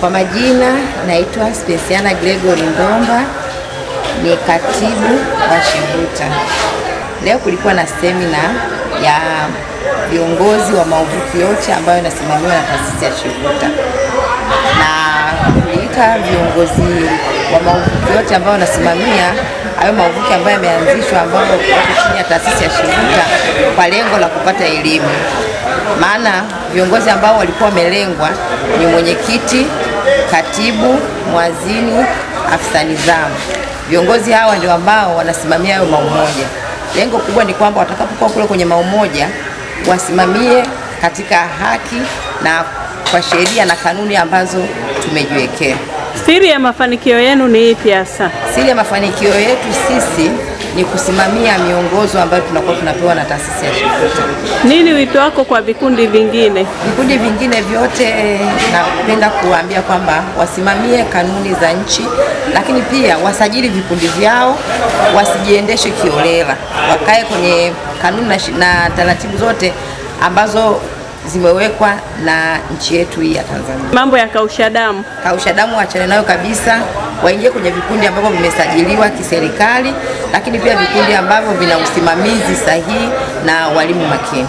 Kwa majina naitwa Spensiana Gregory Ndomba, ni katibu wa SHIVUTA. Leo kulikuwa na semina ya viongozi wa mauvuki yote ambayo inasimamiwa na taasisi ya SHIVUTA na kuliita viongozi wa mauvuki yote ambayo wanasimamia hayo mauvuki ambayo yameanzishwa ambayo wako chini ya taasisi ya SHIVUTA kwa lengo la kupata elimu. Maana viongozi ambao walikuwa wamelengwa ni mwenyekiti katibu, mwazini, afisa nizamu. Viongozi hawa ndio ambao wanasimamia hayo maumoja. Lengo kubwa ni kwamba watakapokuwa kule kwenye maumoja wasimamie katika haki na kwa sheria na kanuni ambazo tumejiwekea. Siri ya mafanikio yenu ni ipi hasa? Siri ya mafanikio yetu sisi ni kusimamia miongozo ambayo tunakuwa tunapewa na taasisi ya shirikisho. Nini wito wako kwa vikundi vingine? Vikundi vingine vyote eh, napenda kuwaambia kwamba wasimamie kanuni za nchi, lakini pia wasajili vikundi vyao, wasijiendeshe kiolela, wakae kwenye kanuni na taratibu zote ambazo zimewekwa na nchi yetu hii ya Tanzania. Mambo ya kausha damu, kausha damu wachane nayo kabisa, waingie kwenye vikundi ambavyo vimesajiliwa kiserikali lakini pia vikundi ambavyo vina usimamizi sahihi na walimu makini.